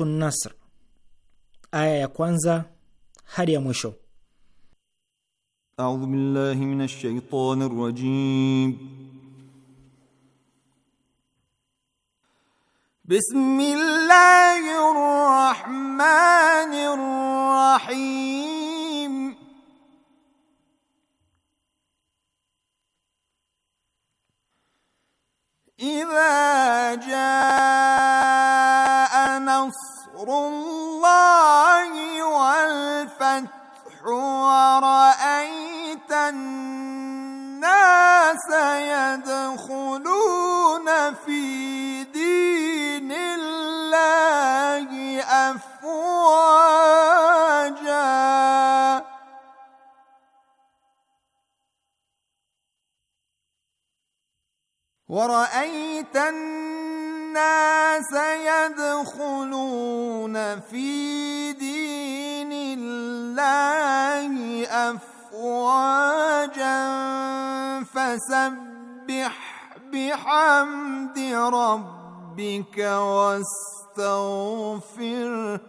Suratu Nasr aya ya kwanza hadi ya mwisho. A'udhu billahi minash shaitani rajim. Bismillah ذكر الله والفتح ورأيت الناس يدخلون في دين الله أفواجا ورأيت الناس الناس يدخلون في دين الله أفواجا فسبح بحمد ربك واستغفره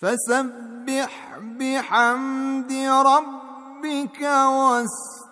فسبح بحمد ربك واستغفره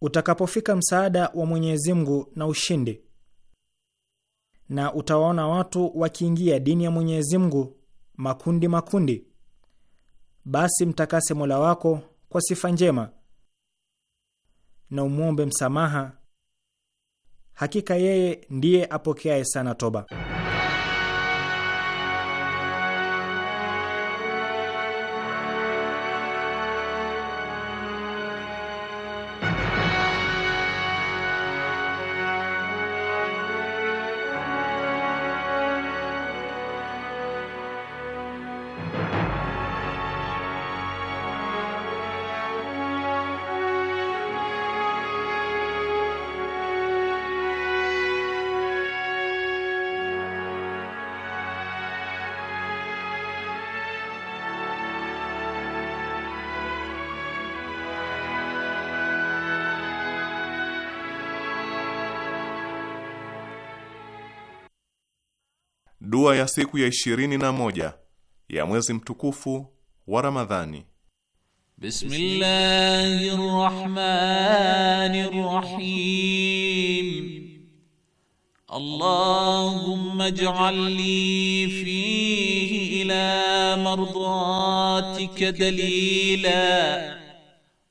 utakapofika msaada wa Mwenyezi Mungu na ushindi, na utawaona watu wakiingia dini ya Mwenyezi Mungu makundi makundi, basi mtakase Mola wako kwa sifa njema na umwombe msamaha, hakika yeye ndiye apokeaye sana toba. Dua ya siku ya ishirini na moja ya mwezi mtukufu wa Ramadhani. Bismillahirrahmanirrahim. Allahumma ij'al fihi ila mardatika dalila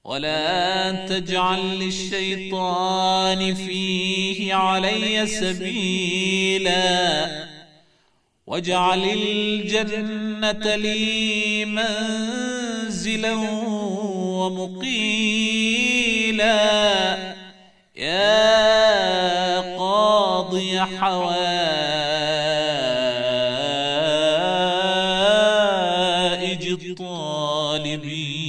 ولا تجعل للشيطان فيه علي سبيلا واجعل الجنة لي منزلا ومقيلا يا قاضي حوائج الطالبين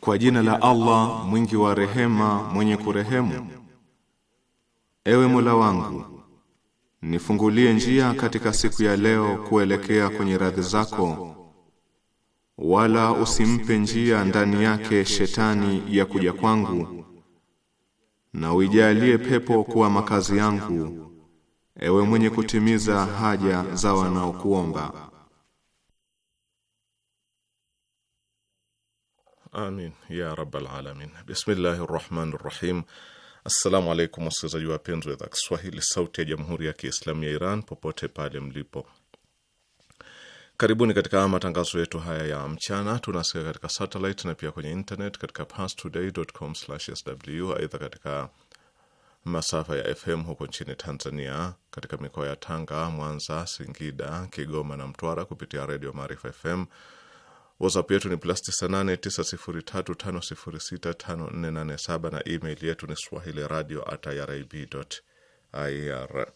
Kwa jina la Allah mwingi wa rehema mwenye kurehemu Ewe Mola wangu, nifungulie njia katika siku ya leo kuelekea kwenye radhi zako, wala usimpe njia ndani yake shetani ya kuja kwangu, na uijalie pepo kuwa makazi yangu, ewe mwenye kutimiza haja za wanaokuomba. Amin ya rabbal alamin. Bismillahir rahmanir rahim Assalamu alaikum wasikilizaji wapenzi wa idhaa Kiswahili sauti ya jamhuri ya Kiislamu ya Iran popote pale mlipo, karibuni katika matangazo yetu haya ya mchana. Tunasikia katika satelit na pia kwenye internet katika pastodaycom sw Aidha, katika masafa ya FM huko nchini Tanzania, katika mikoa ya Tanga, Mwanza, Singida, Kigoma na Mtwara kupitia redio Maarifa FM WhatsApp yetu ni plus 989035065487 na email yetu ni swahili radio at irib.ir.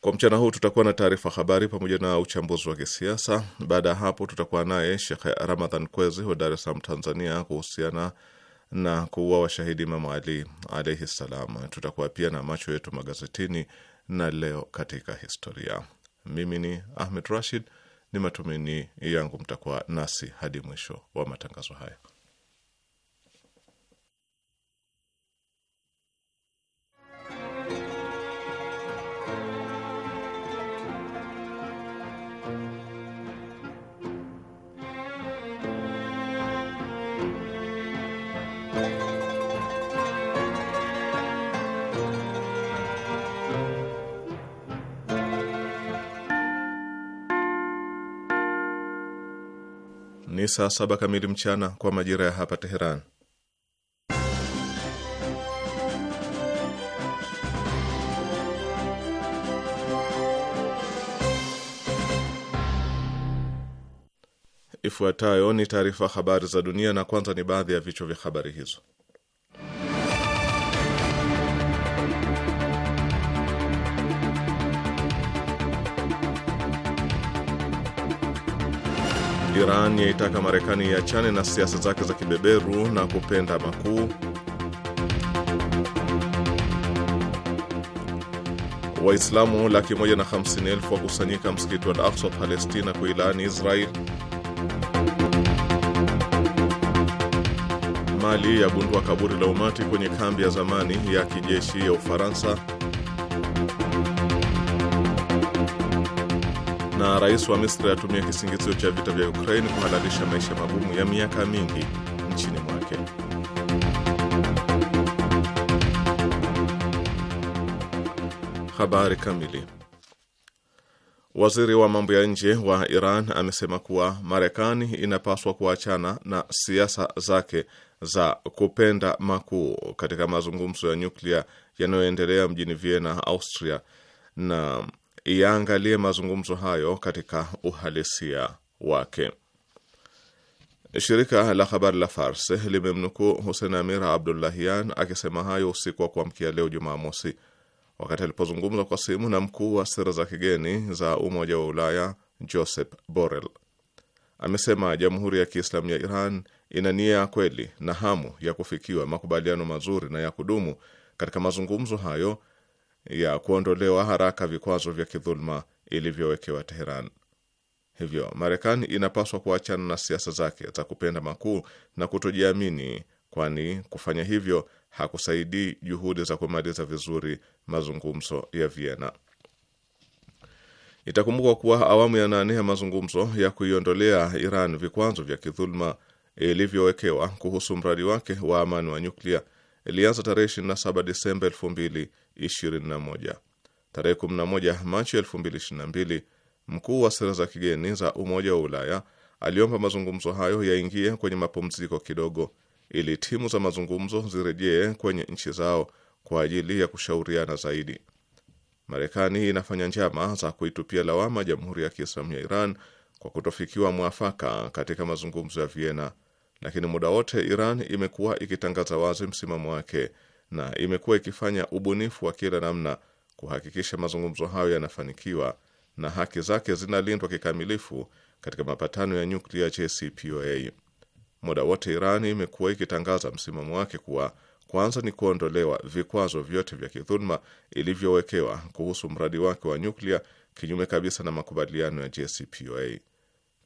Kwa mchana huu tutakuwa na taarifa habari pamoja na uchambuzi wa kisiasa. Baada ya hapo, tutakuwa naye Shekh Ramadhan Kwezi wa Dar es Salaam, Tanzania, kuhusiana na kuua washahidi Imamu Ali alaihi ssalam. Tutakuwa pia na macho yetu magazetini na leo katika historia. Mimi ni Ahmed Rashid ni matumaini yangu mtakuwa nasi hadi mwisho wa matangazo haya. ni saa saba kamili mchana kwa majira ya hapa Teheran. Ifuatayo ni taarifa habari za dunia, na kwanza ni baadhi ya vichwa vya habari hizo. Iran yaitaka Marekani iachane ya na siasa zake za kibeberu na kupenda makuu. Waislamu laki moja na hamsini elfu wakusanyika msikiti wa Al-Aqsa Palestina kuilaani Israel. Mali yagundua kaburi la umati kwenye kambi ya zamani ya kijeshi ya Ufaransa. na rais wa Misri atumia kisingizio cha vita vya Ukraine kuhalalisha maisha magumu ya miaka mingi nchini mwake. Habari kamili. Waziri wa mambo ya nje wa Iran amesema kuwa Marekani inapaswa kuachana na siasa zake za kupenda makuu katika mazungumzo ya nyuklia yanayoendelea mjini Vienna, Austria na yaangalie mazungumzo hayo katika uhalisia wake. Shirika la habari la Fars limemnukuu Hussein Amir Abdullahian akisema hayo usiku wa kuamkia leo Jumamosi, wakati alipozungumza kwa simu na mkuu wa sera za kigeni za Umoja wa Ulaya josep Borrell. Amesema Jamhuri ya Kiislamu ya Iran ina nia ya kweli na hamu ya kufikiwa makubaliano mazuri na ya kudumu katika mazungumzo hayo ya kuondolewa haraka vikwazo vya kidhuluma ilivyowekewa Teheran. Hivyo Marekani inapaswa kuachana na siasa zake za kupenda makuu na kutojiamini, kwani kufanya hivyo hakusaidii juhudi za kumaliza vizuri mazungumzo ya Vienna. Itakumbukwa kuwa awamu ya nane ya mazungumzo ya kuiondolea Iran vikwazo vya kidhuluma ilivyowekewa kuhusu mradi wake wa amani wa nyuklia ilianza tarehe 27 Disemba 2000 21. Tarehe 11 Machi 2022 mkuu wa sera za kigeni za Umoja wa Ulaya aliomba mazungumzo hayo yaingie kwenye mapumziko kidogo ili timu za mazungumzo zirejee kwenye nchi zao kwa ajili ya kushauriana zaidi. Marekani inafanya njama za kuitupia lawama Jamhuri ya Kiislamu ya Iran kwa kutofikiwa mwafaka katika mazungumzo ya Vienna, lakini muda wote Iran imekuwa ikitangaza wazi msimamo wake na imekuwa ikifanya ubunifu wa kila namna kuhakikisha mazungumzo hayo yanafanikiwa na haki zake zinalindwa kikamilifu katika mapatano ya nyuklia JCPOA. Muda wote Irani imekuwa ikitangaza msimamo wake kuwa kwanza ni kuondolewa vikwazo vyote vya kidhuluma ilivyowekewa kuhusu mradi wake wa nyuklia, kinyume kabisa na makubaliano ya JCPOA.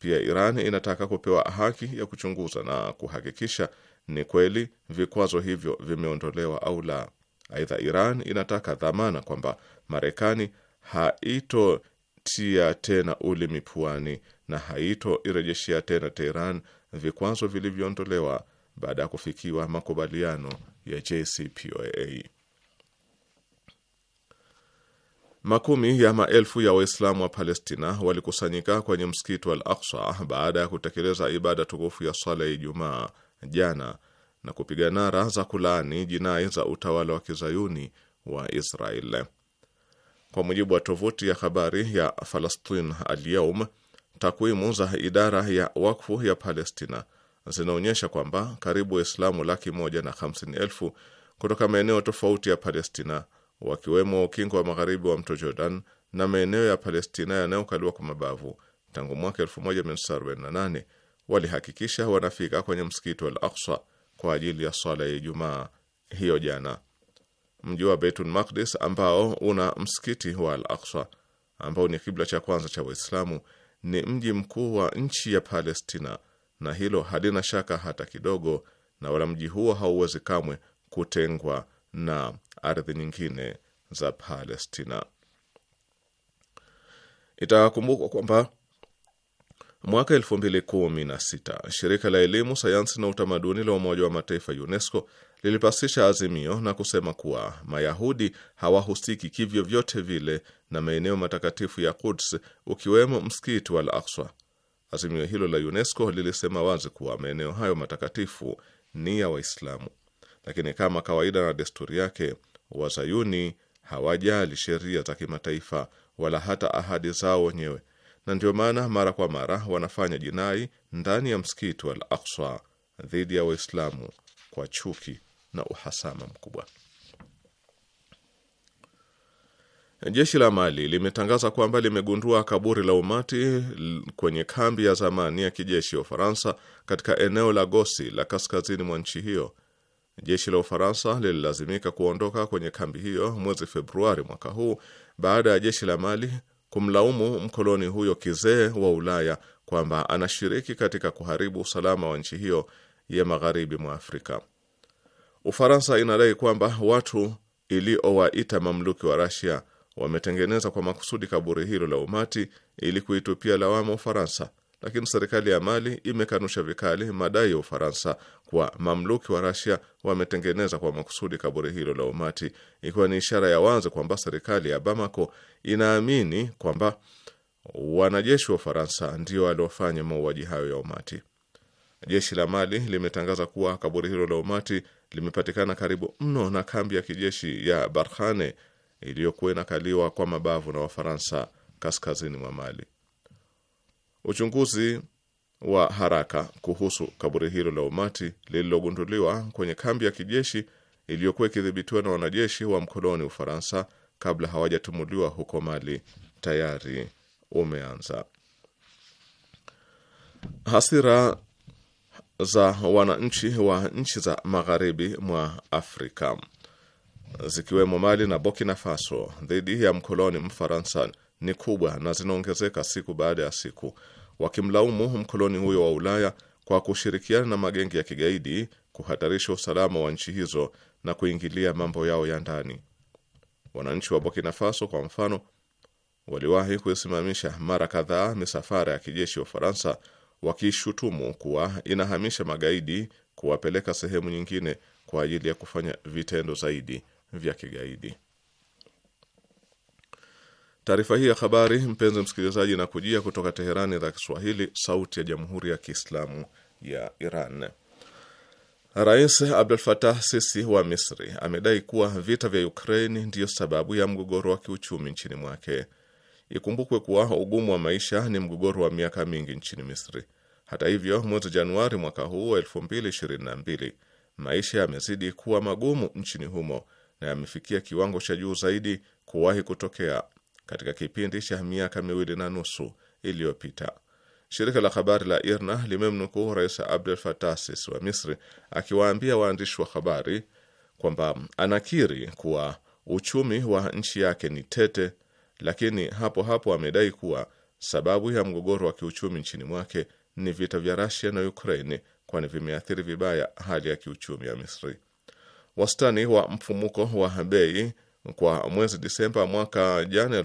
Pia Iran inataka kupewa haki ya kuchunguza na kuhakikisha ni kweli vikwazo hivyo vimeondolewa au la. Aidha, Iran inataka dhamana kwamba Marekani haitotia tena ulimi puani na haitoirejeshia tena Teheran vikwazo vilivyoondolewa baada ya kufikiwa makubaliano ya JCPOA. Makumi ya maelfu ya Waislamu wa Palestina walikusanyika kwenye msikiti wa Al Aksa baada ya kutekeleza ibada tukufu ya swala ya Ijumaa jana na kupiga nara za kulaani jinai za utawala wa kizayuni wa Israel. Kwa mujibu wa tovuti ya habari ya Falastin Alyaum, takwimu za idara ya wakfu ya Palestina zinaonyesha kwamba karibu Waislamu laki moja na hamsini elfu kutoka maeneo tofauti ya Palestina, wakiwemo ukingo wa magharibi wa mto Jordan na maeneo ya Palestina yanayokaliwa kwa mabavu tangu mwaka 1948 walihakikisha wanafika kwenye msikiti wa Al-Aqsa kwa ajili ya swala ya Ijumaa hiyo jana. Mji wa Baitul Maqdis ambao una msikiti wa Al-Aqsa ambao ni kibla cha kwanza cha Waislamu ni mji mkuu wa nchi ya Palestina, na hilo halina shaka hata kidogo, na wala mji huo hauwezi kamwe kutengwa na ardhi nyingine za Palestina. Itakumbukwa kwamba Mwaka 2016 shirika la elimu, sayansi na utamaduni la Umoja wa Mataifa UNESCO lilipasisha azimio na kusema kuwa Mayahudi hawahusiki kivyovyote vile na maeneo matakatifu ya Quds ukiwemo msikiti wa Al-Aqsa. Azimio hilo la UNESCO lilisema wazi kuwa maeneo hayo matakatifu ni ya Waislamu, lakini kama kawaida na desturi yake, Wazayuni hawajali sheria za kimataifa wala hata ahadi zao wenyewe na ndio maana mara kwa mara wanafanya jinai ndani ya msikiti wa Al Aqsa dhidi ya Waislamu kwa chuki na uhasama mkubwa. Jeshi la Mali limetangaza kwamba limegundua kaburi la umati kwenye kambi ya zamani ya kijeshi ya Ufaransa katika eneo la Gosi la kaskazini mwa nchi hiyo. Jeshi la Ufaransa lililazimika kuondoka kwenye kambi hiyo mwezi Februari mwaka huu baada ya jeshi la Mali kumlaumu mkoloni huyo kizee wa Ulaya kwamba anashiriki katika kuharibu usalama wa nchi hiyo ya magharibi mwa Afrika. Ufaransa inadai kwamba watu iliowaita mamluki wa Rasia wametengeneza kwa makusudi kaburi hilo la umati ili kuitupia lawama Ufaransa lakini serikali ya Mali imekanusha vikali madai ya Ufaransa kuwa mamluki wa Rasia wametengeneza kwa makusudi kaburi hilo la umati, ikiwa ni ishara ya wazi kwamba serikali ya Bamako inaamini kwamba wanajeshi wa Ufaransa ndio waliofanya mauaji hayo ya umati. Jeshi la Mali limetangaza kuwa kaburi hilo la umati limepatikana karibu mno na kambi ya kijeshi ya Barkhane iliyokuwa inakaliwa kwa mabavu na Wafaransa kaskazini mwa Mali. Uchunguzi wa haraka kuhusu kaburi hilo la umati lililogunduliwa kwenye kambi ya kijeshi iliyokuwa ikidhibitiwa na wanajeshi wa mkoloni Ufaransa kabla hawajatumuliwa huko Mali tayari umeanza. Hasira za wananchi wa nchi za magharibi mwa Afrika zikiwemo Mali na Burkina Faso dhidi ya mkoloni Mfaransa ni kubwa na zinaongezeka siku baada ya siku wakimlaumu mkoloni huyo wa Ulaya kwa kushirikiana na magenge ya kigaidi kuhatarisha usalama wa nchi hizo na kuingilia mambo yao ya ndani. Wananchi wa Burkina Faso kwa mfano, waliwahi kuisimamisha mara kadhaa misafara ya kijeshi ya Ufaransa wakishutumu kuwa inahamisha magaidi kuwapeleka sehemu nyingine kwa ajili ya kufanya vitendo zaidi vya kigaidi. Taarifa hii ya habari, mpenzi msikilizaji, na kujia kutoka Teherani, idhaa Kiswahili, sauti ya jamhuri ya kiislamu ya Iran. Rais Abdul Fatah Sisi wa Misri amedai kuwa vita vya Ukraini ndiyo sababu ya mgogoro wa kiuchumi nchini mwake. Ikumbukwe kuwa ugumu wa maisha ni mgogoro wa miaka mingi nchini Misri. Hata hivyo, mwezi Januari mwaka huu wa 2022 maisha yamezidi kuwa magumu nchini humo na yamefikia kiwango cha juu zaidi kuwahi kutokea katika kipindi cha miaka miwili na nusu iliyopita. Shirika la habari la IRNA limemnukuu Rais Abdel Fattah Sisi wa Misri akiwaambia waandishi wa habari kwamba anakiri kuwa uchumi wa nchi yake ni tete, lakini hapo hapo amedai kuwa sababu ya mgogoro wa kiuchumi nchini mwake ni vita vya rasia na Ukraine, kwani vimeathiri vibaya hali ya kiuchumi ya Misri. Wastani wa mfumuko wa bei kwa mwezi Disemba mwaka jana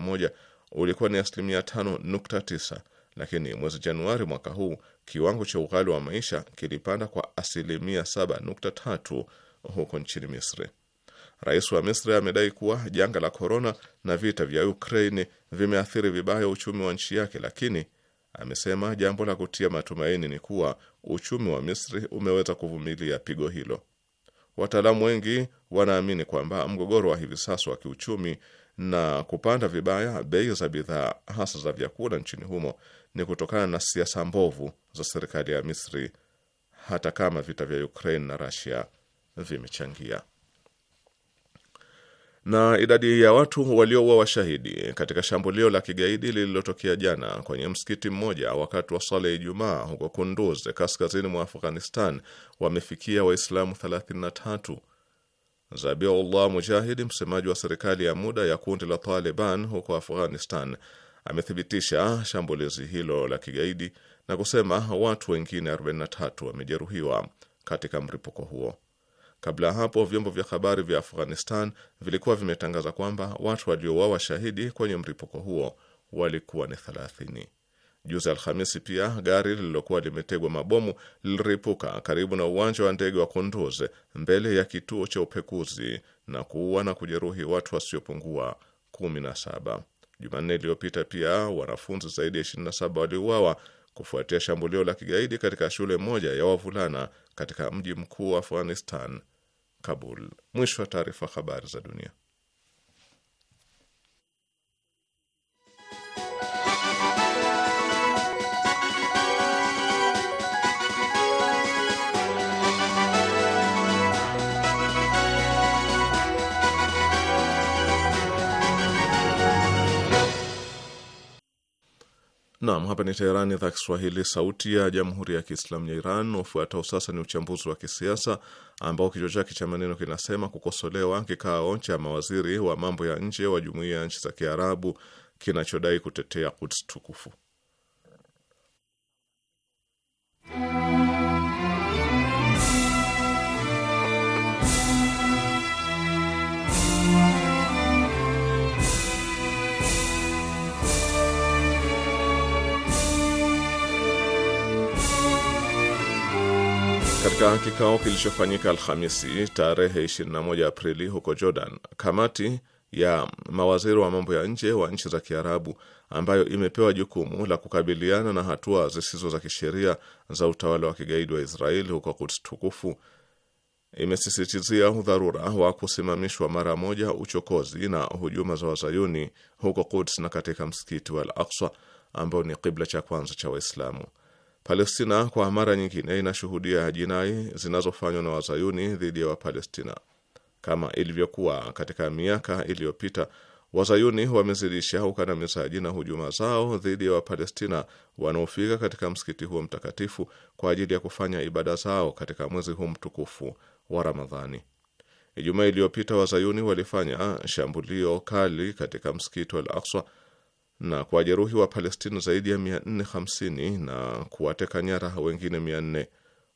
moja ulikuwa ni asilimia 5.9, lakini mwezi Januari mwaka huu kiwango cha ughali wa maisha kilipanda kwa asilimia 7.3 huko nchini Misri. Rais wa Misri amedai kuwa janga la korona na vita vya Ukraine vimeathiri vibaya uchumi wa nchi yake, lakini amesema jambo la kutia matumaini ni kuwa uchumi wa Misri umeweza kuvumilia pigo hilo. Wataalamu wengi wanaamini kwamba mgogoro wa hivi sasa wa kiuchumi na kupanda vibaya bei za bidhaa hasa za vyakula nchini humo ni kutokana na siasa mbovu za serikali ya Misri, hata kama vita vya Ukraine na Russia vimechangia na idadi ya watu walioua washahidi katika shambulio la kigaidi lililotokea jana kwenye msikiti mmoja wakati wa swala ya Ijumaa huko Kunduz, kaskazini mwa Afghanistan, wamefikia Waislamu 33. Zabiullah Mujahidi, msemaji wa serikali ya muda ya kundi la Taliban huko Afghanistan, amethibitisha shambulizi hilo la kigaidi na kusema watu wengine 43 wamejeruhiwa katika mripuko huo. Kabla ya hapo vyombo vya habari vya Afghanistan vilikuwa vimetangaza kwamba watu waliouawa shahidi kwenye mlipuko huo walikuwa ni thelathini. Juzi Alhamisi pia gari lililokuwa limetegwa mabomu liliripuka karibu na uwanja wa ndege wa Kunduz mbele ya kituo cha upekuzi na kuua na kujeruhi watu wasiopungua 17. Jumanne iliyopita pia wanafunzi zaidi ya 27 waliuawa kufuatia shambulio la kigaidi katika shule moja ya wavulana katika mji mkuu wa Afghanistan, Kabul. Mwisho wa taarifa. Habari za dunia. Naam, hapa ni Teherani, idhaa Kiswahili, sauti ya jamhuri ya kiislamu ya Iran. Ufuatao sasa ni uchambuzi wa kisiasa ambao kichwa chake cha maneno kinasema kukosolewa kikao cha mawaziri wa mambo ya nje wa jumuiya ya nchi za Kiarabu kinachodai kutetea Quds tukufu Katika kikao kilichofanyika Alhamisi tarehe 21 Aprili huko Jordan, kamati ya mawaziri wa mambo ya nje wa nchi za Kiarabu ambayo imepewa jukumu la kukabiliana na hatua zisizo za kisheria za utawala wa kigaidi wa Israeli huko Quds tukufu imesisitizia udharura wa kusimamishwa mara moja uchokozi na hujuma za wazayuni huko Quds na katika msikiti wa Al-Aqsa ambao ni kibla cha kwanza cha Waislamu. Palestina kwa mara nyingine inashuhudia jinai zinazofanywa na wazayuni dhidi ya Wapalestina. Kama ilivyokuwa katika miaka iliyopita, wazayuni wamezidisha ukandamizaji na hujuma zao dhidi ya Wapalestina wanaofika katika msikiti huo mtakatifu kwa ajili ya kufanya ibada zao katika mwezi huu mtukufu wa Ramadhani. Ijumaa iliyopita, wazayuni walifanya shambulio kali katika msikiti wa Al-Aqsa na kuwajeruhi wa Palestina zaidi ya 450 na kuwateka nyara wengine 400.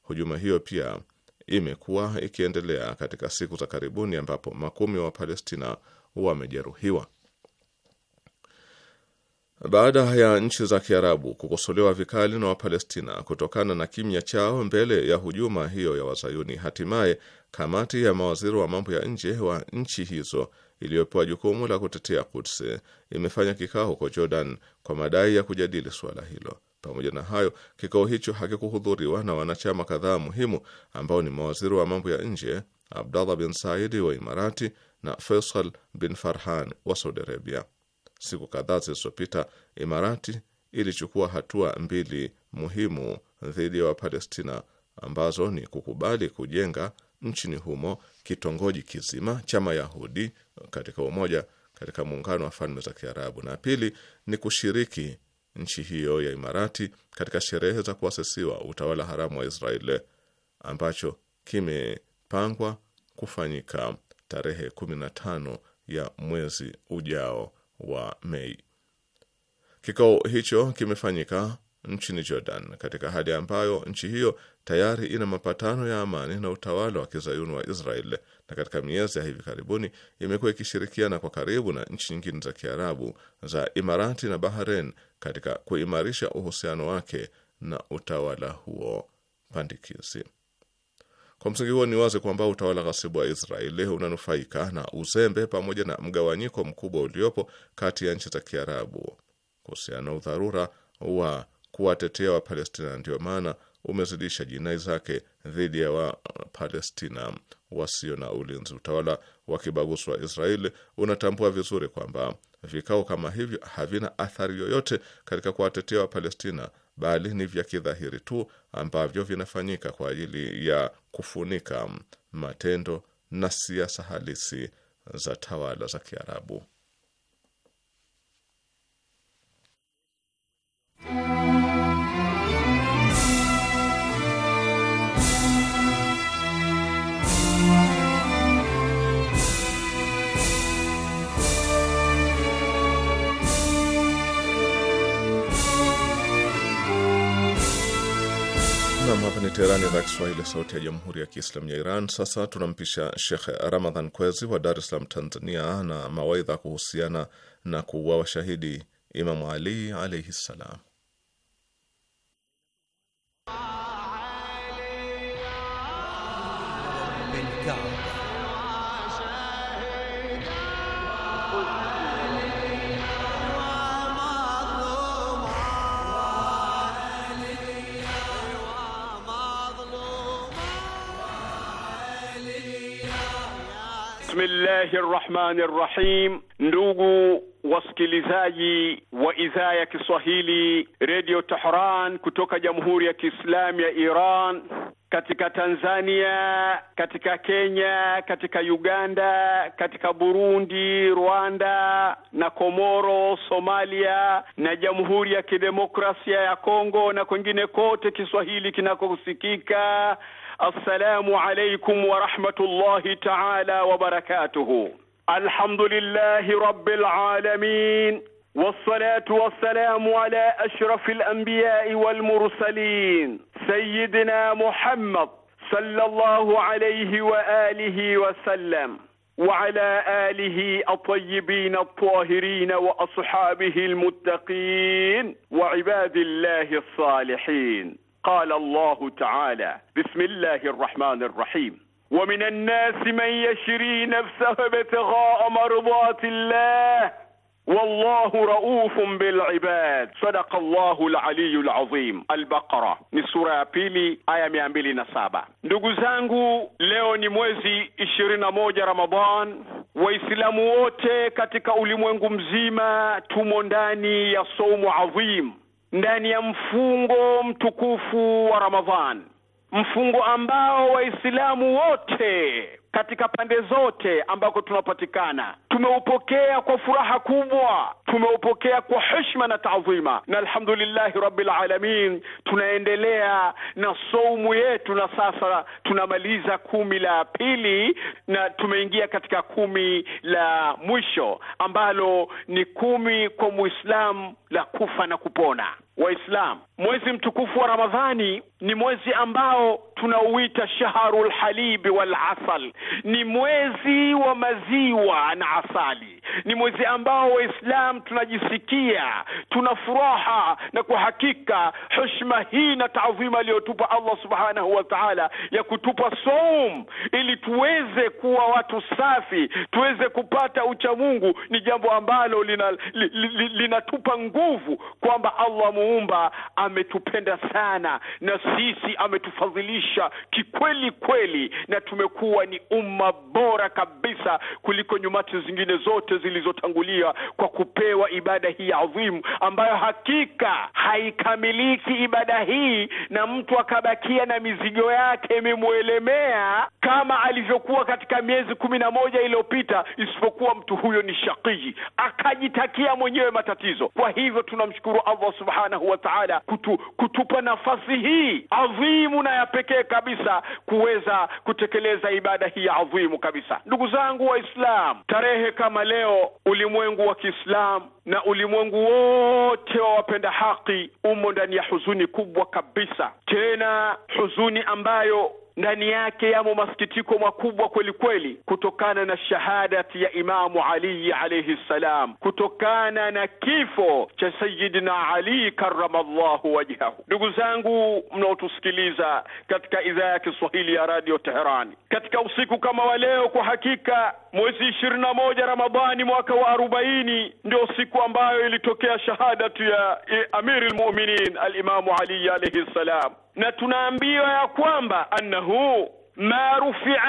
Hujuma hiyo pia imekuwa ikiendelea katika siku za karibuni ambapo makumi wa Palestina wamejeruhiwa. Baada ya nchi za Kiarabu kukosolewa vikali na Wapalestina kutokana na kimya chao mbele ya hujuma hiyo ya Wazayuni, hatimaye kamati ya mawaziri wa mambo ya nje wa nchi hizo iliyopewa jukumu la kutetea Quds imefanya kikao huko Jordan kwa madai ya kujadili suala hilo. Pamoja na hayo, kikao hicho hakikuhudhuriwa na wanachama kadhaa muhimu ambao ni mawaziri wa mambo ya nje Abdallah bin Saidi wa Imarati na Faisal bin Farhan wa Saudi Arabia. Siku kadhaa zilizopita, Imarati ilichukua hatua mbili muhimu dhidi ya Wapalestina ambazo ni kukubali kujenga nchini humo kitongoji kizima cha Mayahudi katika umoja katika muungano wa falme za Kiarabu, na pili ni kushiriki nchi hiyo ya Imarati katika sherehe za kuasisiwa utawala haramu wa Israeli ambacho kimepangwa kufanyika tarehe 15 ya mwezi ujao wa Mei. Kikao hicho kimefanyika nchini Jordan, katika hali ambayo nchi hiyo tayari ina mapatano ya amani na utawala wa kizayuni wa Israel na katika miezi ya hivi karibuni imekuwa ikishirikiana kwa karibu na nchi nyingine za Kiarabu za Imarati na Bahrain katika kuimarisha uhusiano wake na utawala huo pandikizi. Kwa msingi huo ni wazi kwamba utawala ghasibu wa Israeli unanufaika na uzembe pamoja na mgawanyiko mkubwa uliopo kati ya nchi za Kiarabu kuhusiana na udharura wa kuwatetea Wapalestina, ndio maana umezidisha jinai zake dhidi ya Wapalestina wasio na ulinzi. Utawala wa kibaguzi wa Israeli unatambua vizuri kwamba vikao kama hivyo havina athari yoyote katika kuwatetea Wapalestina, bali ni vya kidhahiri tu ambavyo vinafanyika kwa ajili ya kufunika matendo na siasa halisi za tawala za Kiarabu. Nam, hapa ni Teherani, idhaa Kiswahili, sauti ya jamhuri ya kiislamu ya Iran. Sasa tunampisha Shekhe Ramadhan Kwezi wa Dar es Salaam, Tanzania, na mawaidha kuhusiana na kuuawa washahidi Imamu Ali alaihi ssalam. Bismillahi rrahmani rahim Ndugu wasikilizaji wa idhaa ya Kiswahili redio Tehran kutoka Jamhuri ya Kiislamu ya Iran, katika Tanzania, katika Kenya, katika Uganda, katika Burundi, Rwanda na Komoro, Somalia na Jamhuri ya Kidemokrasia ya Kongo na kwengine kote Kiswahili kinakosikika السلام عليكم ورحمة الله تعالى وبركاته الحمد لله رب العالمين والصلاة والسلام على أشرف الأنبياء والمرسلين سيدنا محمد صلى الله عليه وآله وسلم وعلى آله الطيبين الطاهرين وأصحابه المتقين وعباد الله الصالحين قال الله تعالى بسم الله الرحمن الرحيم ومن الناس من يشري نفسه ابتغاء مرضات الله والله رؤوف بالعباد صدق الله العلي العظيم البقرة نسورة بيلي آية ميامبيلي نصابة نقزانجو ليوني موزي إشرين موجة رمضان وإسلام ووتي كتك أولي مزيمة تومونداني يصوم عظيم ndani ya mfungo mtukufu wa Ramadhan, mfungo ambao Waislamu wote katika pande zote ambako tunapatikana tumeupokea kwa furaha kubwa, tumeupokea kwa heshima na taadhima, na alhamdulillahi rabbil alamin. Tunaendelea na saumu yetu, na sasa tunamaliza kumi la pili na tumeingia katika kumi la mwisho ambalo ni kumi kwa muislamu la kufa na kupona. Waislamu, mwezi mtukufu wa Ramadhani ni mwezi ambao tunauita shaharul halibi wal asal, ni mwezi wa maziwa na asali ni mwezi ambao waislam tunajisikia tuna furaha na kwa hakika heshima hii na taadhima aliyotupa Allah subhanahu wa taala ya kutupa saum ili tuweze kuwa watu safi, tuweze kupata ucha mungu ni jambo ambalo linatupa li, li, li, lina nguvu kwamba Allah muumba ametupenda sana na sisi ametufadhilisha kikweli kweli, na tumekuwa ni umma bora kabisa kuliko nyumati zingine zote zilizotangulia kwa kupewa ibada hii adhimu, ambayo hakika haikamiliki ibada hii na mtu akabakia na mizigo yake imemwelemea kama alivyokuwa katika miezi kumi na moja iliyopita, isipokuwa mtu huyo ni shakiji akajitakia mwenyewe matatizo. Kwa hivyo tunamshukuru Allah subhanahu wa ta'ala kutu, kutupa nafasi hii adhimu na ya pekee kabisa kuweza kutekeleza ibada hii adhimu kabisa. Ndugu zangu waislam tarehe kama leo ulimwengu wa Kiislamu na ulimwengu wote wa wapenda haki umo ndani ya huzuni kubwa kabisa, tena huzuni ambayo ndani yake yamo masikitiko makubwa kweli kweli, kutokana na shahadati ya Imamu Ali alayhi salam, kutokana na kifo cha Sayyidina Ali karamallahu wajhahu. Ndugu zangu mnaotusikiliza katika idhaa ya Kiswahili ya Radio Teherani, katika usiku kama wa leo, kwa hakika mwezi ishirini na moja Ramadhani mwaka wa arobaini ndio siku ambayo ilitokea shahadatu ya eh, Amiri lmuminin Alimamu Ali alayhi salam na tunaambiwa ya kwamba annahu ma rufia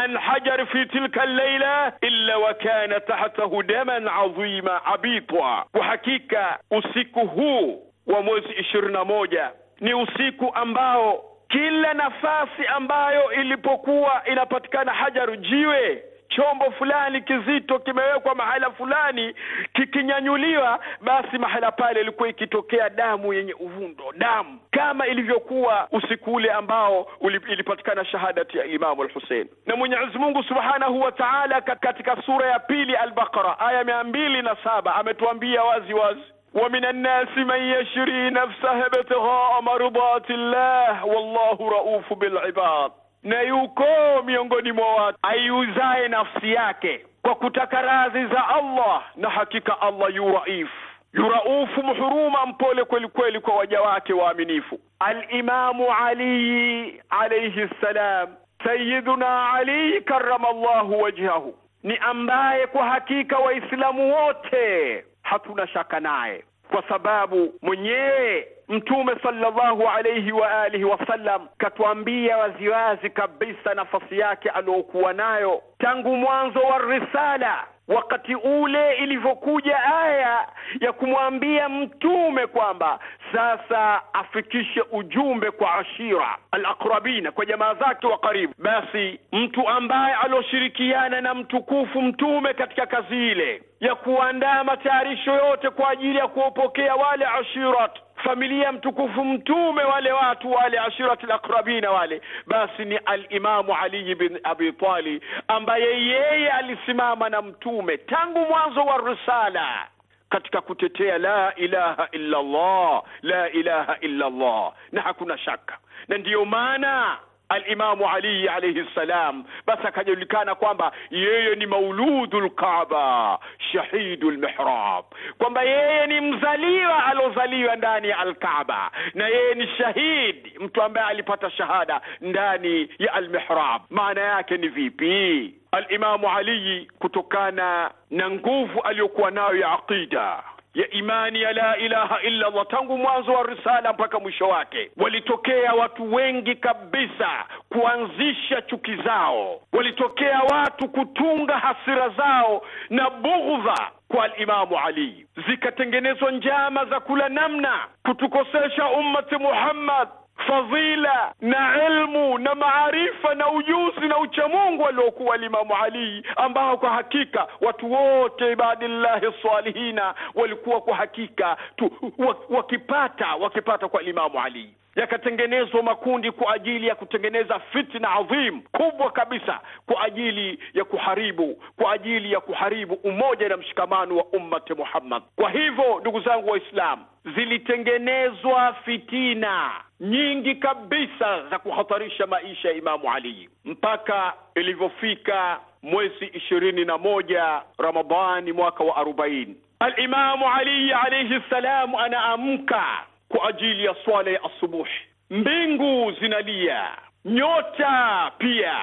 an hajari fi tilka llaila illa wa kana tahtahu daman adhima abitwa. Kwa hakika usiku huu wa mwezi ishirini na moja ni usiku ambao kila nafasi ambayo ilipokuwa inapatikana hajaru jiwe chombo fulani kizito kimewekwa mahala fulani, kikinyanyuliwa, basi mahala pale ilikuwa ikitokea damu yenye uvundo, damu kama ilivyokuwa usiku ule ambao ilipatikana shahadati ya Imamu al-Hussein. Na Mwenyezi Mungu Subhanahu wa Ta'ala katika sura ya pili Al-Baqara aya mia mbili na saba ametuambia wazi wazi wa minan nasi man yashri nafsahu ibtighaa mardati llah wallahu raufu bil ibad na yuko miongoni mwa watu aiuzae nafsi yake kwa kutaka radhi za Allah, na hakika Allah yu raifu yuraufu mhuruma, mpole kweli kweli kwa waja wake waaminifu. Alimamu Ali alayhi salam, Sayyiduna Ali karamallahu wajhahu, ni ambaye kwa hakika Waislamu wote hatuna shaka naye kwa sababu mwenyewe Mtume sallallahu alayhi wa alihi wasallam katuambia waziwazi kabisa nafasi yake aliyokuwa nayo tangu mwanzo wa risala, wakati ule ilivyokuja aya ya kumwambia mtume kwamba sasa afikishe ujumbe kwa ashira alaqrabina, kwa jamaa zake wa karibu. Basi mtu ambaye alioshirikiana na mtukufu mtume katika kazi ile ya kuandaa matayarisho yote kwa ajili ya kuwapokea wale ashirat familia mtukufu mtume wale watu wale ashirat alaqrabina wale, basi ni alimamu Ali bin Abi Talib ambaye yeye alisimama na mtume tangu mwanzo wa risala katika kutetea la ilaha illa Allah, la ilaha illa Allah, na hakuna shaka. Na ndiyo maana Alimamu Ali alayhi ssalam basi akajulikana kwamba yeye ni mauludul Kaaba, shahidu lmihrab kwamba yeye ni mzaliwa alozaliwa ndani ya Alkaaba na yeye ni shahid mtu ambaye alipata shahada ndani ya Almihrab. Maana yake ni vipi? Alimamu Ali kutokana na nguvu aliyokuwa nayo ya aqida ya imani ya la ilaha illa Allah tangu mwanzo wa risala mpaka mwisho wake. Walitokea watu wengi kabisa kuanzisha chuki zao, walitokea watu kutunga hasira zao na bughdha kwa alimamu Ali, zikatengenezwa njama za kula namna kutukosesha ummati Muhammad fadhila na ilmu na maarifa na ujuzi na uchamungu aliokuwa limamu Ali, ambao kwa hakika watu wote ibadillahi salihina walikuwa kwa hakika tu wakipata wakipata kwa limamu Ali yakatengenezwa makundi kwa ajili ya kutengeneza fitna adhim kubwa kabisa, kwa ajili ya kuharibu kwa ajili ya kuharibu umoja na mshikamano wa ummati Muhammad. Kwa hivyo, ndugu zangu Waislamu, zilitengenezwa fitina nyingi kabisa za kuhatarisha maisha ya Imamu Ali mpaka ilivyofika mwezi ishirini na moja Ramadhani mwaka wa arobaini Alimamu Ali alayhi ssalam anaamka kwa ajili ya swala ya asubuhi. Mbingu zinalia, nyota pia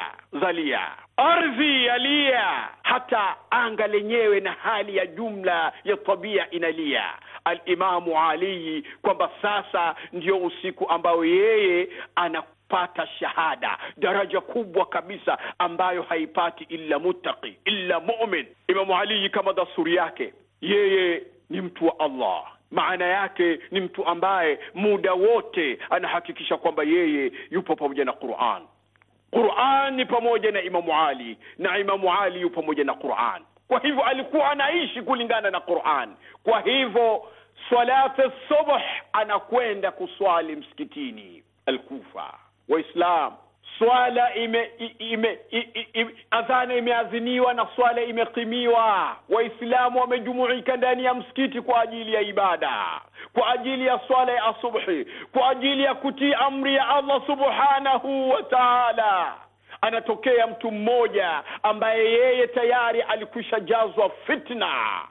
zalia, ardhi yalia, hata anga lenyewe na hali ya jumla ya tabia inalia. Alimamu Ali kwamba sasa ndio usiku ambao yeye ana pata shahada, daraja kubwa kabisa ambayo haipati illa muttaqi, illa mu'min. Imamu Ali kama dasturi yake, yeye ni mtu wa Allah, maana yake ni mtu ambaye muda wote anahakikisha kwamba yeye yupo pamoja na Qur'an. Qur'an ni pamoja na Imamu Ali na Imamu Ali yupo pamoja na Qur'an. Kwa hivyo alikuwa anaishi kulingana na Qur'an. Kwa hivyo swalati subh anakwenda kuswali msikitini alkufa Waislam, swala ime, ime, ime adhana imeadhiniwa na swala imekimiwa. Waislamu wamejumuika ndani ya msikiti kwa ajili ya ibada, kwa ajili ya swala ya asubuhi, kwa ajili ya kutii amri ya Allah subhanahu wa ta'ala anatokea mtu mmoja ambaye yeye tayari alikwisha jazwa fitna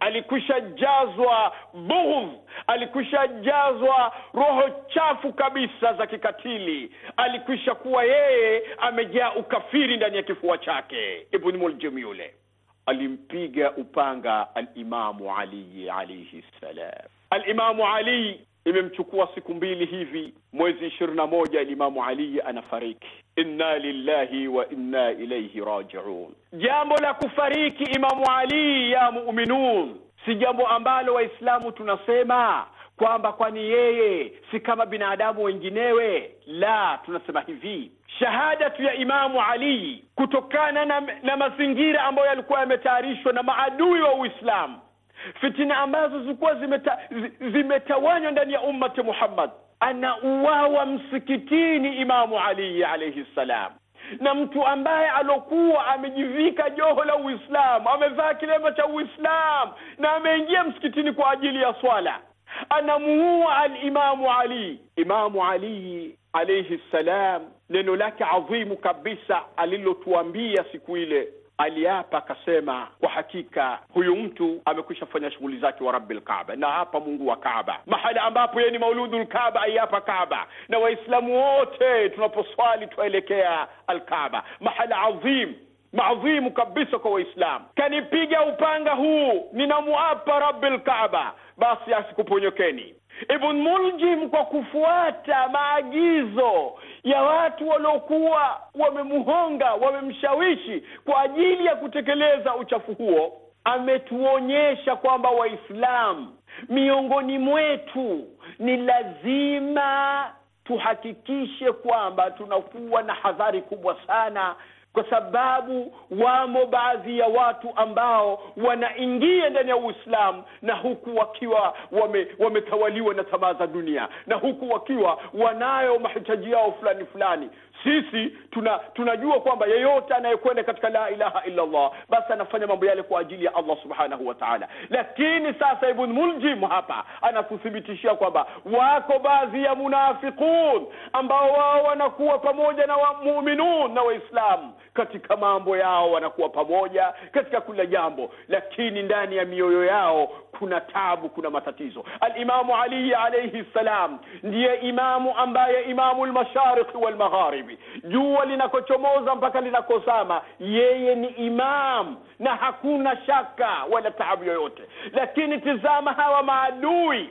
alikwisha jazwa bughudh, alikwisha jazwa roho chafu kabisa za kikatili, alikwisha kuwa yeye amejaa ukafiri ndani ya kifua chake. Ibn Muljim yule alimpiga upanga Alimamu Ali alaihi ssalam. Alimamu Ali imemchukua siku mbili hivi, mwezi ishirini na moja Imamu Ali anafariki. Inna lillahi wa inna ilaihi rajiun. Jambo la kufariki Imamu Ali ya muminun si jambo ambalo Waislamu tunasema kwamba kwani yeye si kama binadamu wenginewe. La, tunasema hivi shahadatu ya Imamu Ali kutokana na, na mazingira ambayo yalikuwa yametayarishwa na maadui wa Uislamu fitina ambazo zilikuwa zimeta, zimetawanywa ndani ya ummati Muhammad. Anauawa msikitini Imamu Ali alaihi ssalam, na mtu ambaye alokuwa amejivika joho la Uislamu, amevaa kilemba cha Uislamu na ameingia msikitini kwa ajili ya swala, anamuua alimamu Ali. Imamu Ali alaihi ssalam, neno lake adhimu kabisa alilotuambia siku ile aliapa akasema, kwa hakika huyu mtu amekwisha fanya shughuli zake wa rabbil Kaaba, na hapa Mungu wa Kaaba, mahali ambapo yeye ni mauludul Kaaba, aiapa Kaaba. Na Waislamu wote tunaposwali twaelekea Alkaaba, mahali adhim maadhimu kabisa kwa Waislamu. Kanipiga upanga huu, ninamuapa rabbil Kaaba, basi asikuponyokeni. Ibn Muljim kwa kufuata maagizo ya watu waliokuwa wamemuhonga wamemshawishi kwa ajili ya kutekeleza uchafu huo, ametuonyesha kwamba Waislamu miongoni mwetu ni lazima tuhakikishe kwamba tunakuwa na hadhari kubwa sana kwa sababu wamo baadhi ya watu ambao wanaingia ndani ya uislamu na huku wakiwa wame, wametawaliwa na tamaa za dunia na huku wakiwa wanayo mahitaji yao fulani fulani sisi tuna, tunajua kwamba yeyote anayekwenda katika la ilaha illa Allah basi anafanya mambo yale kwa ajili ya Allah subhanahu wa ta'ala. Lakini sasa Ibn Muljim hapa anakuthibitishia kwamba wako baadhi ya munafiqun ambao wao wanakuwa pamoja na wamuminun na Waislamu katika mambo yao, wanakuwa pamoja katika kila jambo, lakini ndani ya mioyo yao kuna tabu, kuna matatizo. alimamu imamu Ali alayhi salam ndiye imamu ambaye imamu al walmagharib hivi jua linakochomoza mpaka linakosama yeye ni imam na hakuna shaka wala taabu yoyote lakini tizama hawa maadui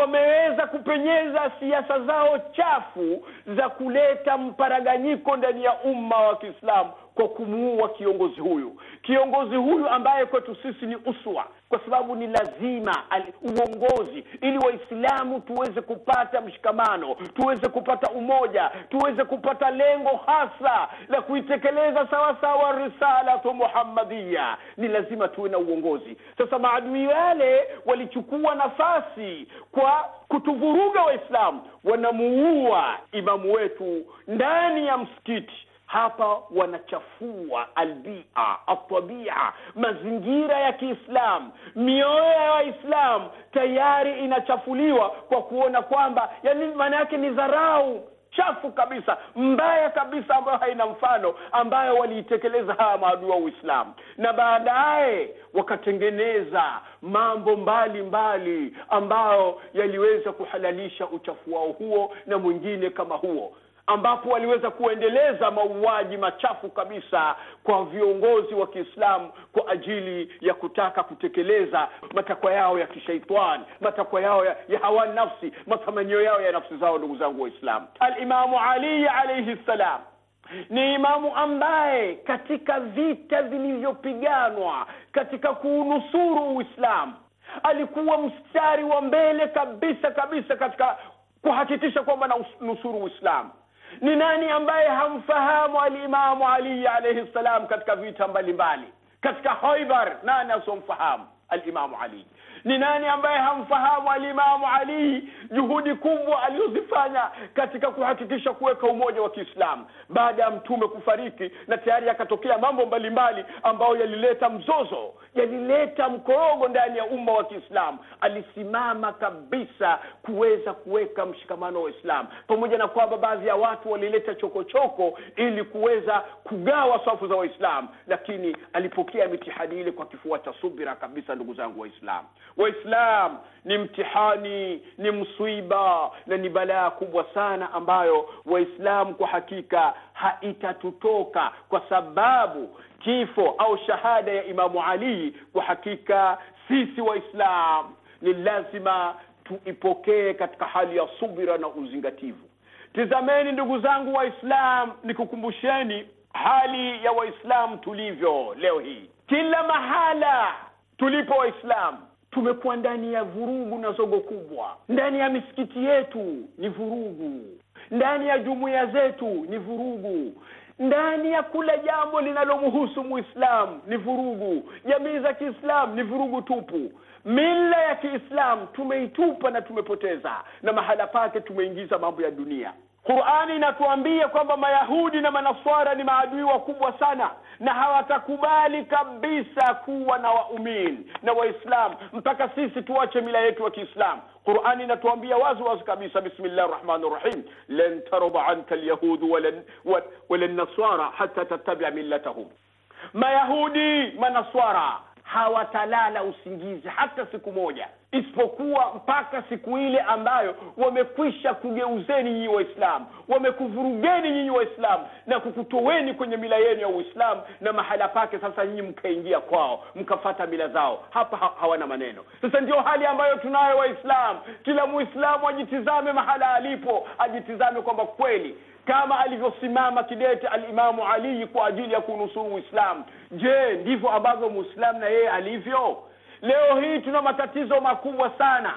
wameweza kupenyeza siasa zao chafu za kuleta mparaganyiko ndani ya umma wa kiislamu kwa kumuua kiongozi huyu, kiongozi huyu ambaye kwetu sisi ni uswa, kwa sababu ni lazima uongozi ili Waislamu tuweze kupata mshikamano, tuweze kupata umoja, tuweze kupata lengo hasa la kuitekeleza sawasawa risalatu Muhammadia, ni lazima tuwe na uongozi. Sasa maadui wale walichukua nafasi kwa kutuvuruga Waislamu, wanamuua imamu wetu ndani ya msikiti hapa wanachafua albia atabia, mazingira ya Kiislamu, mioyo ya Waislamu tayari inachafuliwa kwa kuona kwamba, yani maana yake ni dharau chafu kabisa mbaya kabisa ambayo haina mfano ambayo waliitekeleza hawa maadui wa Uislamu, na baadaye wakatengeneza mambo mbalimbali ambayo yaliweza kuhalalisha uchafu wao huo na mwingine kama huo ambapo waliweza kuendeleza mauaji machafu kabisa kwa viongozi wa Kiislamu kwa ajili ya kutaka kutekeleza matakwa yao ya kishaitani, matakwa yao ya, ya hawa nafsi, matamanio yao ya nafsi zao. Ndugu zangu Waislamu, Alimamu Ali alaihi ssalam ni imamu ambaye katika vita vilivyopiganwa katika kuunusuru Uislamu alikuwa mstari wa mbele kabisa kabisa katika kuhakikisha kwamba na nusuru Uislamu. Ni nani ambaye hamfahamu alimamu Ali alaihi ssalam katika vita mbalimbali mbali. katika Khaibar, nani asomfahamu alimamu Ali? Ni nani ambaye hamfahamu alimamu Ali, juhudi kubwa aliyozifanya katika kuhakikisha kuweka umoja wa Kiislamu baada ya mtume kufariki, na tayari yakatokea mambo mbalimbali ambayo yalileta mzozo, yalileta mkorogo ndani ya umma wa Kiislamu. Alisimama kabisa kuweza kuweka mshikamano wa Islamu, pamoja na kwamba baadhi ya watu walileta chokochoko ili kuweza kugawa safu za Waislamu, lakini alipokea mitihadi ile kwa kifua cha subira kabisa, ndugu zangu Waislamu. Waislam, ni mtihani, ni msiba na ni balaa kubwa sana ambayo Waislam kwa hakika haitatutoka, kwa sababu kifo au shahada ya Imamu Ali kwa hakika sisi Waislam ni lazima tuipokee katika hali ya subira na uzingativu. Tizameni ndugu zangu Waislam, nikukumbusheni hali ya Waislamu tulivyo leo hii, kila mahala tulipo Waislamu tumekuwa ndani ya vurugu na zogo kubwa. Ndani ya misikiti yetu ni vurugu, ndani ya jumuiya zetu ni vurugu, ndani ya kula jambo linalomhusu Muislamu ni vurugu. Jamii za Kiislamu ni vurugu tupu. Mila ya Kiislamu tumeitupa na tumepoteza, na mahala pake tumeingiza mambo ya dunia. Qurani inatuambia kwamba Mayahudi na Manaswara ni maadui wakubwa sana na hawatakubali kabisa kuwa na waumini na waislamu mpaka sisi tuache mila yetu ya kiislamu qurani inatuambia wazi wazi kabisa bismillahi rahmani rahim lan taruda anka lyahudu walannasara hata tattabia millatahum mayahudi manaswara hawatalala usingizi hata siku moja isipokuwa mpaka siku ile ambayo wamekwisha kugeuzeni nyinyi waislamu wamekuvurugeni nyinyi waislamu na kukutoweni kwenye mila yenu ya uislamu na mahala pake sasa nyinyi mkaingia kwao mkafata mila zao hapa ha- hawana maneno sasa ndio hali ambayo tunayo waislamu kila muislamu ajitizame mahala alipo ajitizame kwamba kweli kama alivyosimama kidete alimamu alii kwa ajili ya kunusuru uislamu je ndivyo ambavyo muislamu na yeye alivyo Leo hii tuna matatizo makubwa sana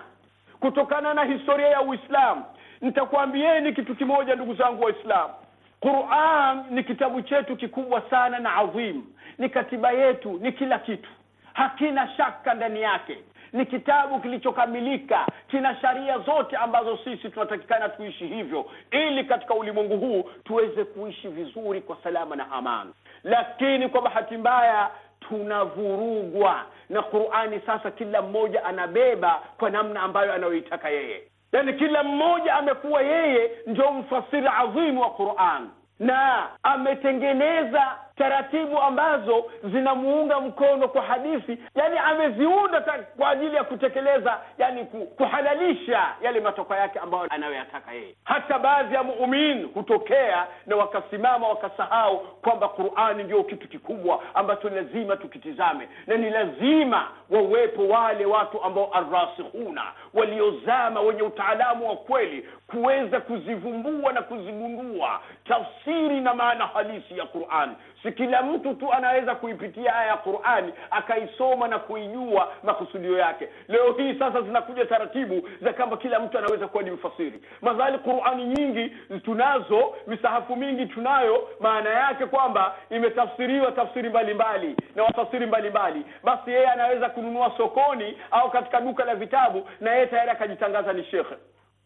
kutokana na historia ya Uislamu. Nitakwambieni kitu kimoja, ndugu zangu Waislamu, Quran ni kitabu chetu kikubwa sana na adhimu, ni katiba yetu, ni kila kitu, hakina shaka ndani yake. Ni kitabu kilichokamilika, kina sharia zote ambazo sisi tunatakikana tuishi hivyo, ili katika ulimwengu huu tuweze kuishi vizuri kwa salama na amani. Lakini kwa bahati mbaya tunavurugwa na Qur'ani. Sasa kila mmoja anabeba kwa namna ambayo anayoitaka yeye, yaani kila mmoja amekuwa yeye ndio mfasiri adhimu wa Qur'an na ametengeneza taratibu ambazo zinamuunga mkono kwa hadithi, yani ameziunda kwa ajili ya kutekeleza, yani kuhalalisha yale matakwa yake ambayo anayoyataka yeye. Hata baadhi ya muumini hutokea na wakasimama wakasahau kwamba Qur'ani ndio kitu kikubwa ambacho lazima tukitizame, na ni lazima wawepo wale watu ambao arrasikhuna, waliozama, wenye utaalamu wa kweli kuweza kuzivumbua na kuzigundua tafsiri na maana halisi ya Qur'ani si kila mtu tu anaweza kuipitia aya ya qurani akaisoma na kuijua makusudio yake leo hii sasa zinakuja taratibu za kwamba kila mtu anaweza kuwa ni mfasiri madhali qurani nyingi tunazo misahafu mingi tunayo maana yake kwamba imetafsiriwa tafsiri mbalimbali mbali, na wafasiri mbalimbali basi yeye anaweza kununua sokoni au katika duka la vitabu na yeye tayari akajitangaza ni shekhe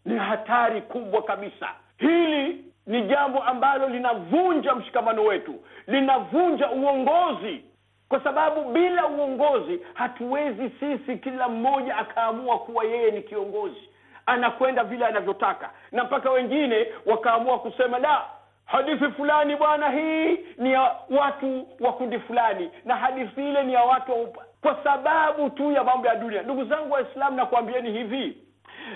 ni hatari kubwa kabisa hili ni jambo ambalo linavunja mshikamano wetu linavunja uongozi kwa sababu bila uongozi hatuwezi sisi kila mmoja akaamua kuwa yeye ni kiongozi anakwenda vile anavyotaka na mpaka wengine wakaamua kusema la hadithi fulani bwana hii ni ya watu wa kundi fulani na hadithi ile ni ya watu wa upa. kwa sababu tu ya mambo ya dunia ndugu zangu waislamu nakuambieni hivi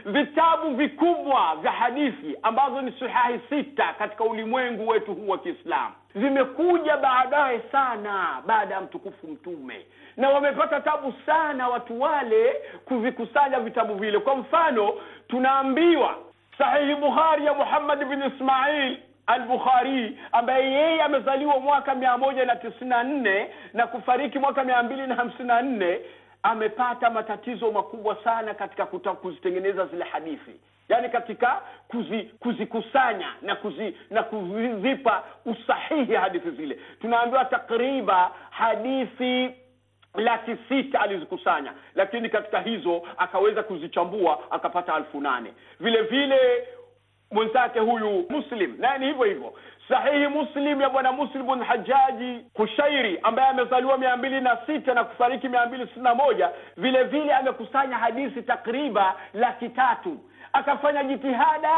vitabu vikubwa vya hadithi ambazo ni sahihi sita katika ulimwengu wetu huu wa kiislamu vimekuja baadaye sana baada ya mtukufu mtume na wamepata tabu sana watu wale kuvikusanya vitabu vile kwa mfano tunaambiwa sahihi bukhari ya muhammad bin ismail al Al-Bukhari ambaye yeye amezaliwa mwaka mia moja na tisini na nne na kufariki mwaka mia mbili na hamsini na nne amepata matatizo makubwa sana katika kuzitengeneza zile hadithi yaani katika kuzi, kuzikusanya na kuzi, na kuzipa usahihi hadithi zile tunaambiwa takriba hadithi laki sita alizikusanya lakini katika hizo akaweza kuzichambua akapata alfu nane vile vile mwenzake huyu muslim naye ni hivyo hivyo Sahihi Muslim ya bwana Muslim bin Hajaji Kushairi ambaye amezaliwa mia mbili na sita na kufariki mia mbili sitini na moja vile vile amekusanya hadithi takriban laki tatu akafanya jitihada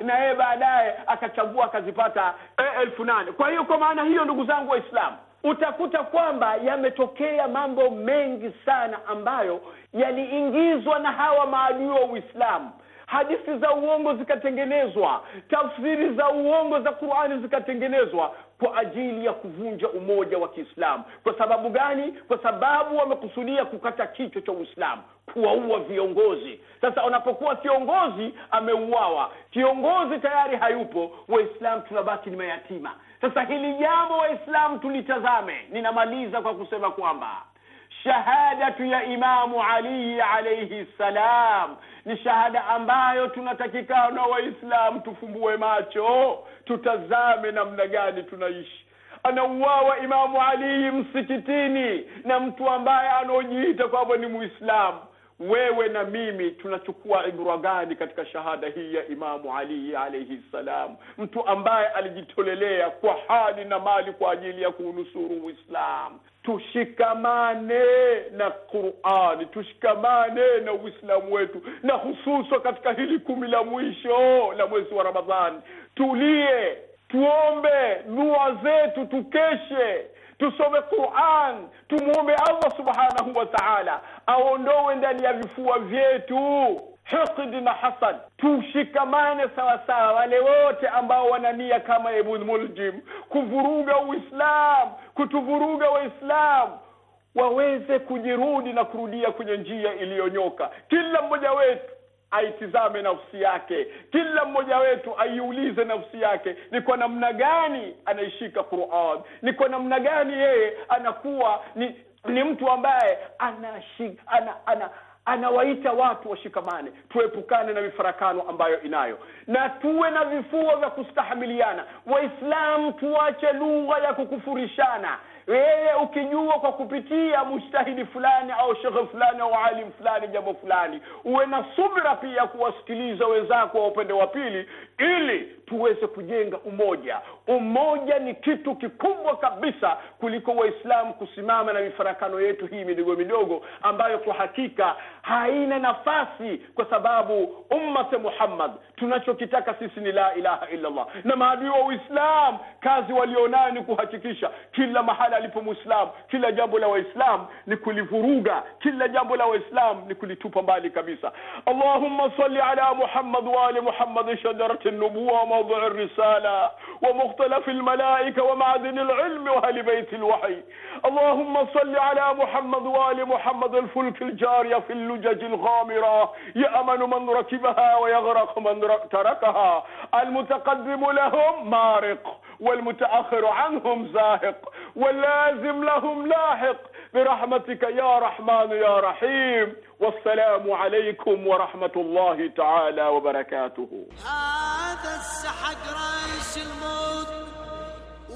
na yeye baadaye akachagua akazipata elfu nane kwa hiyo kwa maana hiyo ndugu zangu waislamu utakuta kwamba yametokea mambo mengi sana ambayo yaliingizwa na hawa maadui wa uislamu hadithi za uongo zikatengenezwa tafsiri za uongo za qurani zikatengenezwa kwa ajili ya kuvunja umoja wa kiislamu kwa sababu gani kwa sababu wamekusudia kukata kichwa cha uislamu kuwaua viongozi sasa unapokuwa kiongozi ameuawa kiongozi tayari hayupo waislamu tunabaki ni mayatima sasa hili jambo waislamu tulitazame ninamaliza kwa kusema kwamba shahadatu ya Imamu Ali alayhi salam ni shahada ambayo tunatakikana Waislamu tufumbue macho, tutazame namna gani tunaishi. Anauawa Imamu Ali msikitini na mtu ambaye anaojiita kwamba ni Muislamu. Wewe na mimi tunachukua ibra gani katika shahada hii ya Imamu Ali alayhi salam, mtu ambaye alijitolelea kwa hali na mali kwa ajili ya kuunusuru Uislamu? tushikamane na Qurani, tushikamane na Uislamu wetu, na hususa katika hili kumi la mwisho la mwezi wa Ramadhani. Tulie, tuombe dua zetu, tukeshe, tusome Quran, tumwombe Allah subhanahu wa taala aondoe ndani ya vifua vyetu hikdi na hasad, tushikamane sawasawa, wale wote ambao wanania kama Ibn Muljim kuvuruga Uislam, kutuvuruga Waislamu waweze kujirudi na kurudia kwenye njia iliyonyoka. Kila mmoja wetu aitizame nafsi yake, kila mmoja wetu aiulize nafsi yake, ni kwa namna gani anaishika Qur'an, ni kwa namna gani yeye anakuwa ni, ni mtu ambaye anashika ana, ana anawaita watu washikamane, tuepukane na mifarakano ambayo inayo, na tuwe na vifuo vya kustahamiliana. Waislamu tuache lugha ya kukufurishana wewe ukijua kwa kupitia mujtahidi fulani au shekhe fulani au alim fulani jambo fulani uwe na subira pia kuwasikiliza wenzako wa upande wa pili ili tuweze kujenga umoja umoja ni kitu kikubwa kabisa kuliko waislamu kusimama na mifarakano yetu hii midogo midogo ambayo kwa hakika haina nafasi kwa sababu ummate muhammad tunachokitaka sisi ni la ilaha illallah na maadui wa uislamu kazi walionayo ni kuhakikisha kila mahali mahala alipo Muislam, Kila jambo la Waislam ni kulivuruga, kila jambo la Waislam ni kulitupa mbali kabisa. Allahumma salli ala Muhammad wa ali Muhammad, shajarati nubuwa wa mawdui risala wa mukhtalafi almalaika wa maadini alilmi wa ahli baiti alwahyi. Allahumma salli ala Muhammad wa ali Muhammad, alfulk aljariya fi اللجج الغامرة يأمن من ركبها ويغرق من تركها المتقدم lahum mariq والمتأخر عنهم زاهق ولازم لهم لاحق برحمتك يا رحمن يا رحيم والسلام عليكم ورحمة الله تعالى وبركاته هذا السحق رايش الموت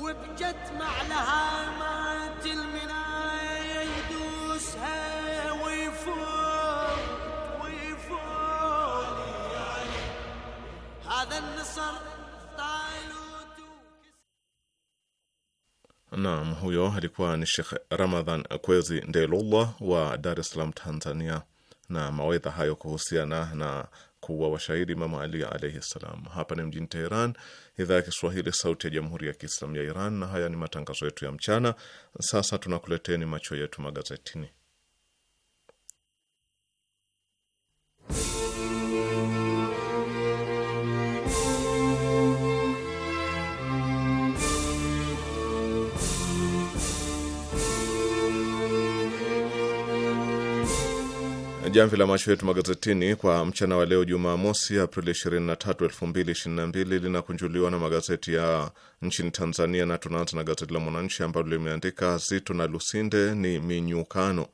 وبجت معلها مات المناية يدوسها ويفوت ويفوت يعني هذا النصر Naam, huyo alikuwa ni Shekh Ramadhan Kwezi Ndelullah wa Dar es Salaam, Tanzania, na mawaidha hayo kuhusiana na kuwa washahidi Mama Ali alaihi ssalam. Hapa ni mjini Teheran, idhaa ya Kiswahili, sauti ya jamhuri ya kiislamu ya Iran, na haya ni matangazo yetu ya mchana. Sasa tunakuleteni macho yetu magazetini. jamvi la macho yetu magazetini kwa mchana wa leo Jumamosi, Aprili 23, 2022 linakunjuliwa na magazeti ya nchini Tanzania, na tunaanza na gazeti la Mwananchi ambalo limeandika Zito na Lusinde ni minyukano.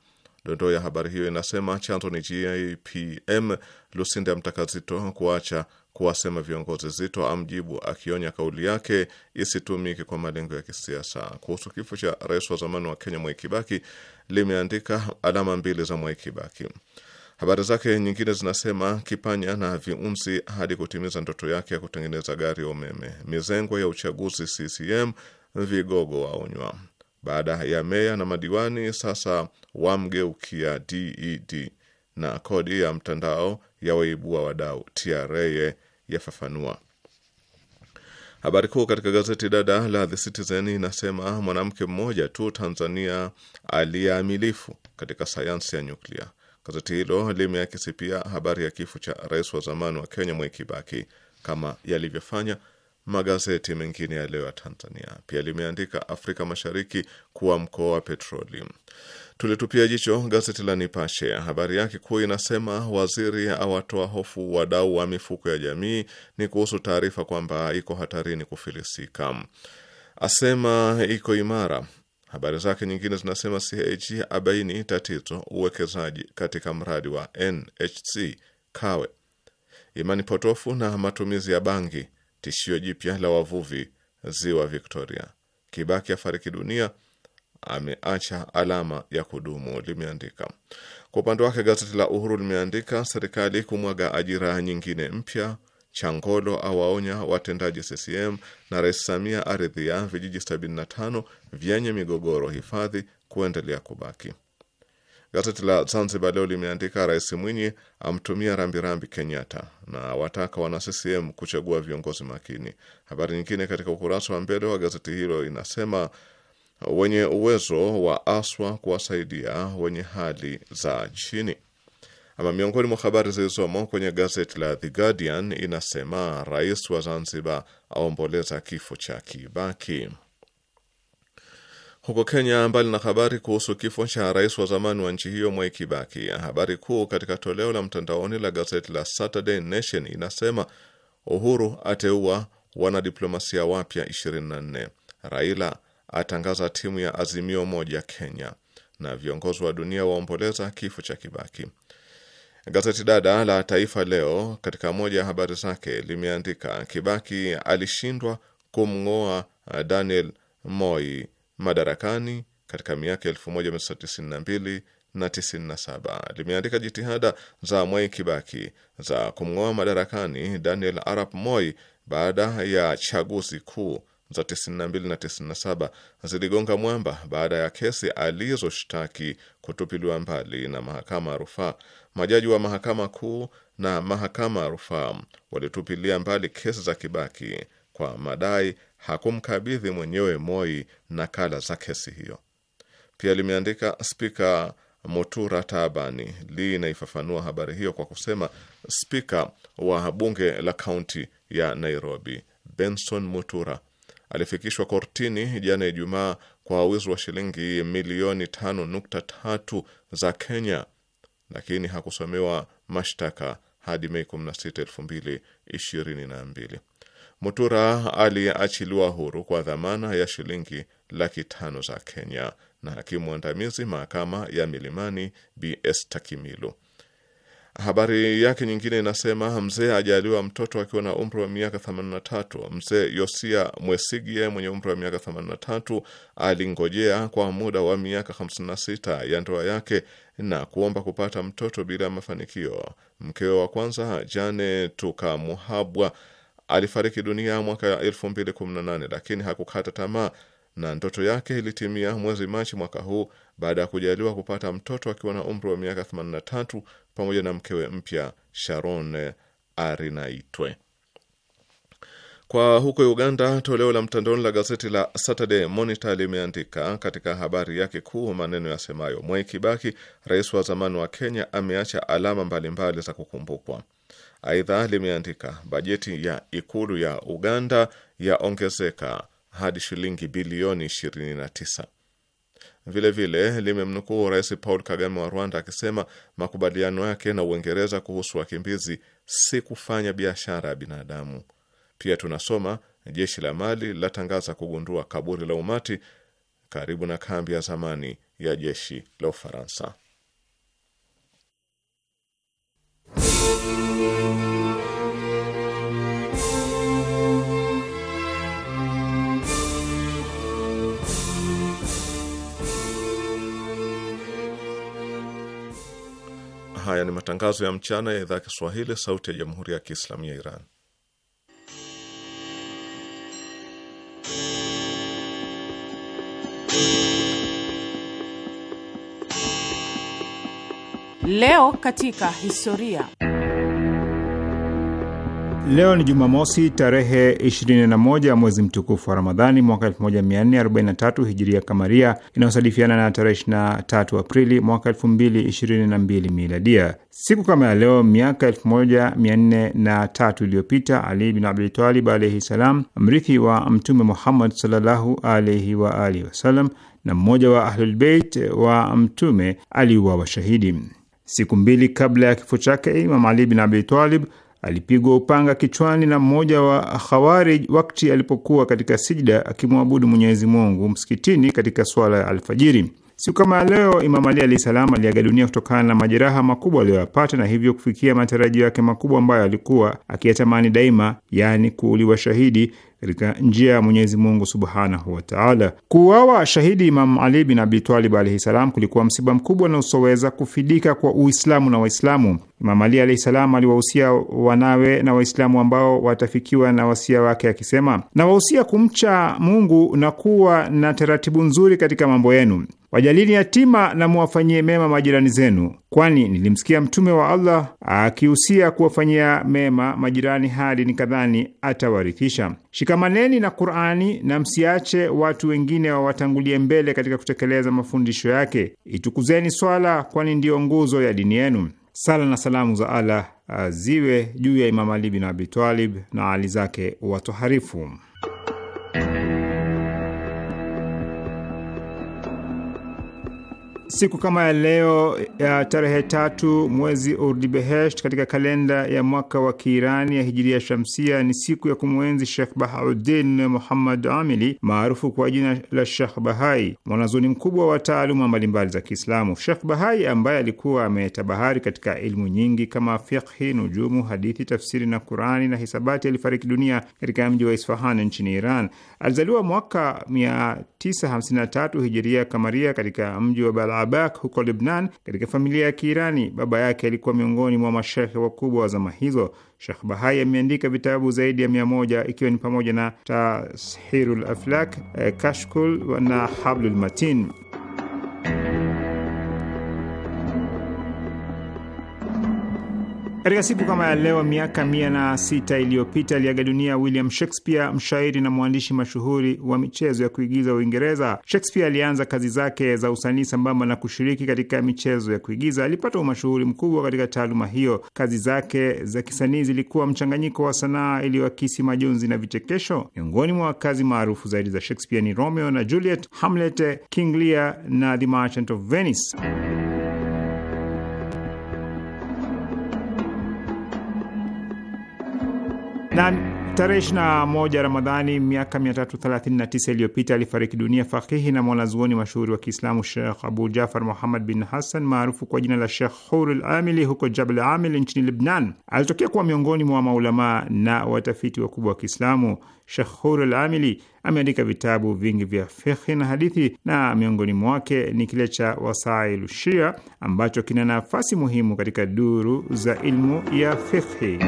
Dondoo ya habari hiyo inasema chanzo ni GIPM, Lusinde amtaka Zito kuacha kuwasema viongozi, Zito amjibu akionya kauli yake isitumike kwa malengo ya kisiasa. Kuhusu kifo cha rais wa zamani wa Kenya Mwai Kibaki limeandika alama mbili za Mwai Kibaki. Habari zake nyingine zinasema kipanya na viunzi hadi kutimiza ndoto yake ya kutengeneza gari ya umeme. Mizengo ya uchaguzi CCM, vigogo waonywa. Baada ya meya na madiwani, sasa wamgeukia DED e na kodi ya mtandao ya waibua wadau, TRA yafafanua. Habari kuu katika gazeti dada la The Citizen inasema mwanamke mmoja tu Tanzania aliyeamilifu katika sayansi ya nyuklia. Gazeti hilo limeakisi pia habari ya kifo cha rais wa zamani wa Kenya Mwai Kibaki kama yalivyofanya magazeti mengine ya leo ya Tanzania. Pia limeandika Afrika Mashariki kuwa mkoa wa petroli. Tulitupia jicho gazeti la Nipashe. Habari yake kuu inasema waziri awatoa hofu wadau wa mifuko ya jamii, ni kuhusu taarifa kwamba iko hatarini kufilisika, asema iko imara Habari zake nyingine zinasema CAG abaini tatizo uwekezaji katika mradi wa NHC Kawe, imani potofu na matumizi ya bangi tishio jipya la wavuvi ziwa Victoria. Kibaki afariki dunia, ameacha alama ya kudumu, limeandika. Kwa upande wake gazeti la Uhuru limeandika serikali kumwaga ajira nyingine mpya Changolo awaonya watendaji CCM na Rais Samia aridhia vijiji 75 vyenye migogoro hifadhi kuendelea kubaki. Gazeti la Zanzibar Leo limeandika Rais Mwinyi amtumia rambirambi Kenyatta na wataka wana CCM kuchagua viongozi makini. Habari nyingine katika ukurasa wa mbele wa gazeti hilo inasema wenye uwezo wa aswa kuwasaidia wenye hali za chini. Ama miongoni mwa habari zilizomo kwenye gazeti la The Guardian inasema rais wa Zanzibar aomboleza kifo cha Kibaki. Huko Kenya, mbali na habari kuhusu kifo cha rais wa zamani wa nchi hiyo Mwai Kibaki, habari kuu katika toleo la mtandaoni la gazeti la Saturday Nation inasema Uhuru ateua wanadiplomasia wapya 24, Raila atangaza timu ya Azimio moja Kenya, na viongozi wa dunia waomboleza kifo cha Kibaki. Gazeti dada la Taifa Leo katika moja ya habari zake limeandika Kibaki alishindwa kumng'oa uh, Daniel Moi madarakani katika miaka 1992 na 97. Limeandika jitihada za Mwai Kibaki za kumng'oa madarakani Daniel Arap Moi baada ya chaguzi kuu za 92 na 97 ziligonga mwamba baada ya kesi alizoshtaki kutupiliwa mbali na mahakama ya rufaa. Majaji wa mahakama kuu na mahakama ya rufaa walitupilia mbali kesi za Kibaki kwa madai hakumkabidhi mwenyewe Moi nakala za kesi hiyo. Pia limeandika Spika Mutura tabani li inaifafanua habari hiyo kwa kusema spika wa bunge la kaunti ya Nairobi Benson Mutura alifikishwa kortini jana Ijumaa kwa wizi wa shilingi milioni tano nukta tatu za Kenya, lakini hakusomewa mashtaka hadi Mei 16, 2022. Mutura aliachiliwa huru kwa dhamana ya shilingi laki tano za Kenya na hakimu mwandamizi mahakama ya Milimani BS Takimilu Habari yake nyingine inasema mzee ajaliwa mtoto akiwa na umri wa miaka 83. Mzee Yosia Mwesigye mwenye umri wa miaka 83 alingojea kwa muda wa miaka 56 ya ndoa yake na kuomba kupata mtoto bila mafanikio. Mkewe wa kwanza Jane Tukamuhabwa alifariki dunia mwaka 2018, lakini hakukata tamaa na ndoto yake ilitimia mwezi Machi mwaka huu baada ya kujaliwa kupata mtoto akiwa na umri wa miaka 83 pamoja na mkewe mpya Sharon Arinaitwe. Kwa huko Uganda, toleo la mtandaoni la gazeti la Saturday Monitor limeandika katika habari yake kuu maneno yasemayo, Mwai Kibaki, rais wa zamani wa Kenya, ameacha alama mbalimbali za kukumbukwa. Aidha limeandika bajeti ya ikulu ya Uganda yaongezeka hadi shilingi bilioni 29. Vilevile limemnukuu Rais Paul Kagame wa Rwanda akisema makubaliano yake na Uingereza kuhusu wakimbizi si kufanya biashara ya binadamu. Pia tunasoma jeshi la Mali latangaza kugundua kaburi la umati karibu na kambi ya zamani ya jeshi la Ufaransa. Haya ni matangazo ya mchana ya idhaa Kiswahili, sauti ya jamhuri ya kiislamu ya Iran. Leo katika historia Leo ni Jumamosi tarehe 21 mwezi mtukufu wa Ramadhani mwaka 1443 hijiria kamaria inayosadifiana na tarehe 23 Aprili mwaka 2022 miladia. Siku kama ya leo miaka 1403 iliyopita Ali bin abitalib alaihi salam, mrithi wa Mtume Muhammad sallallahu alaihi wa alihi wasallam na mmoja wa Ahlulbeit wa Mtume aliuawa shahidi. Siku mbili kabla ya kifo chake Imam Ali bin Abitalib alipigwa upanga kichwani na mmoja wa Khawarij wakati alipokuwa katika sijda akimwabudu Mwenyezi Mungu msikitini katika swala ya alfajiri. Siku kama leo Imam Ali alahi salam aliaga dunia kutokana na majeraha makubwa aliyoyapata na hivyo kufikia matarajio yake makubwa ambayo alikuwa akiyatamani daima, yaani kuuliwa shahidi katika njia ya Mwenyezi Mungu subhanahu wataala. Kuuawa shahidi Imam Ali bin Abitalib alaihi salam kulikuwa msiba mkubwa na usoweza kufidika kwa Uislamu na Waislamu. Imam Ali alaihi salam aliwahusia wanawe na Waislamu ambao watafikiwa na wasia wake akisema, nawahusia kumcha Mungu na kuwa na taratibu nzuri katika mambo yenu, wajalini yatima na muwafanyie mema majirani zenu, kwani nilimsikia Mtume wa Allah akihusia kuwafanyia mema majirani hadi nikadhani atawarithisha. Shikamaneni na Qurani na msiache watu wengine wawatangulie mbele katika kutekeleza mafundisho yake. Itukuzeni swala, kwani ndiyo nguzo ya dini yenu. Sala na salamu za Allah ah, ziwe juu ya Imam Ali bin Abi Talib na ali zake watoharifu. siku kama ya leo ya tarehe tatu mwezi Urdibehesht katika kalenda ya mwaka wa Kiirani ya hijiria shamsia ni siku ya kumwenzi Shekh Bahauddin Muhammad Amili maarufu kwa jina la Shekh Bahai, mwanazuni mkubwa wa taaluma mbalimbali za Kiislamu. Shekh Bahai ambaye alikuwa ametabahari katika ilmu nyingi kama fiqhi, nujumu, hadithi, tafsiri na Qurani na hisabati, alifariki dunia katika mji wa Isfahan nchini Iran. Alizaliwa mwaka 953 hijiria kamaria katika mji wa Balad Abak huko Lebnan, katika familia ya Kiirani. Baba yake alikuwa miongoni mwa mashekhe wakubwa wa zama hizo. Shekh Bahai ameandika vitabu zaidi ya mia moja ikiwa ni pamoja na Tashirul Aflak, eh, Kashkul na Hablul Matin. Katika siku kama ya leo miaka mia na sita iliyopita aliaga dunia William Shakespeare, mshairi na mwandishi mashuhuri wa michezo ya kuigiza Uingereza. Shakespeare alianza kazi zake za usanii sambamba na kushiriki katika michezo ya kuigiza. Alipata umashuhuri mkubwa katika taaluma hiyo. Kazi zake za kisanii zilikuwa mchanganyiko wa sanaa iliyoakisi majonzi na vichekesho. Miongoni mwa kazi maarufu zaidi za Shakespeare ni Romeo na Juliet, Hamlet, King Lear na The Merchant of Venice. na tarehe 21 Ramadhani miaka 339 iliyopita alifariki dunia fakihi na mwanazuoni mashuhuri wa Kiislamu Shekh Abu Jafar Muhammad bin Hassan maarufu kwa jina la Shekh hur l Amili huko Jabal Amil nchini Lebnan. Alitokea kuwa miongoni mwa maulamaa na watafiti wakubwa wa Kiislamu. Shekh hur l Amili ameandika vitabu vingi vya fikhi na hadithi na miongoni mwake ni kile cha Wasailu Shia ambacho kina nafasi muhimu katika duru za ilmu ya fikhi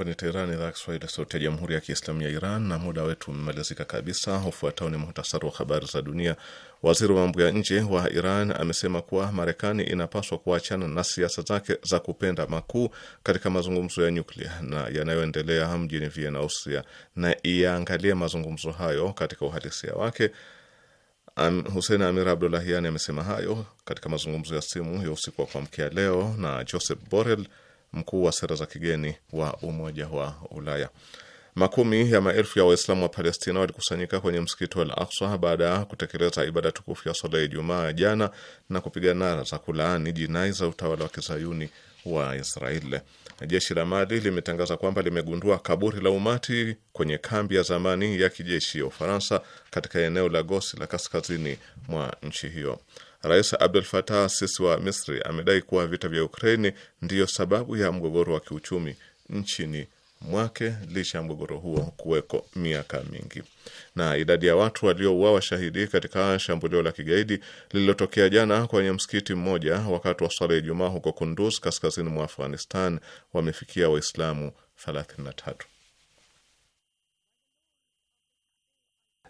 Hapa ni Teherani, idhaa Kiswahili, sauti ya jamhuri ya kiislamu ya Iran, na muda wetu umemalizika kabisa. Ufuatao ni muhtasari wa habari za dunia. Waziri wa mambo ya nje wa Iran amesema kuwa Marekani inapaswa kuachana na siasa zake za kupenda makuu katika mazungumzo ya nyuklia na yanayoendelea mjini Vienna, Austria, na iyaangalie mazungumzo hayo katika uhalisia wake. Am, Hussein Amir Abdulahiani amesema hayo katika mazungumzo ya simu ya usiku wa kuamkia leo na Joseph Borrell mkuu wa sera za kigeni wa Umoja wa Ulaya. Makumi ya maelfu ya Waislamu wa Palestina walikusanyika kwenye msikiti wa Al Aksa baada ya kutekeleza ibada tukufu ya swala ya Ijumaa jana na kupiga nara za kulaani jinai za utawala wa kizayuni wa Israeli. Jeshi la Mali limetangaza kwamba limegundua kaburi la umati kwenye kambi ya zamani ya kijeshi ya Ufaransa katika eneo la Gosi la kaskazini mwa nchi hiyo. Rais Abdel Fattah Sisi wa Misri amedai kuwa vita vya Ukraini ndiyo sababu ya mgogoro wa kiuchumi nchini mwake licha ya mgogoro huo kuweko miaka mingi. Na idadi ya watu waliouawa shahidi katika shambulio la kigaidi lililotokea jana kwenye msikiti mmoja wakati wa swala ya Ijumaa huko Kunduz, kaskazini mwa Afghanistan, wamefikia Waislamu 33.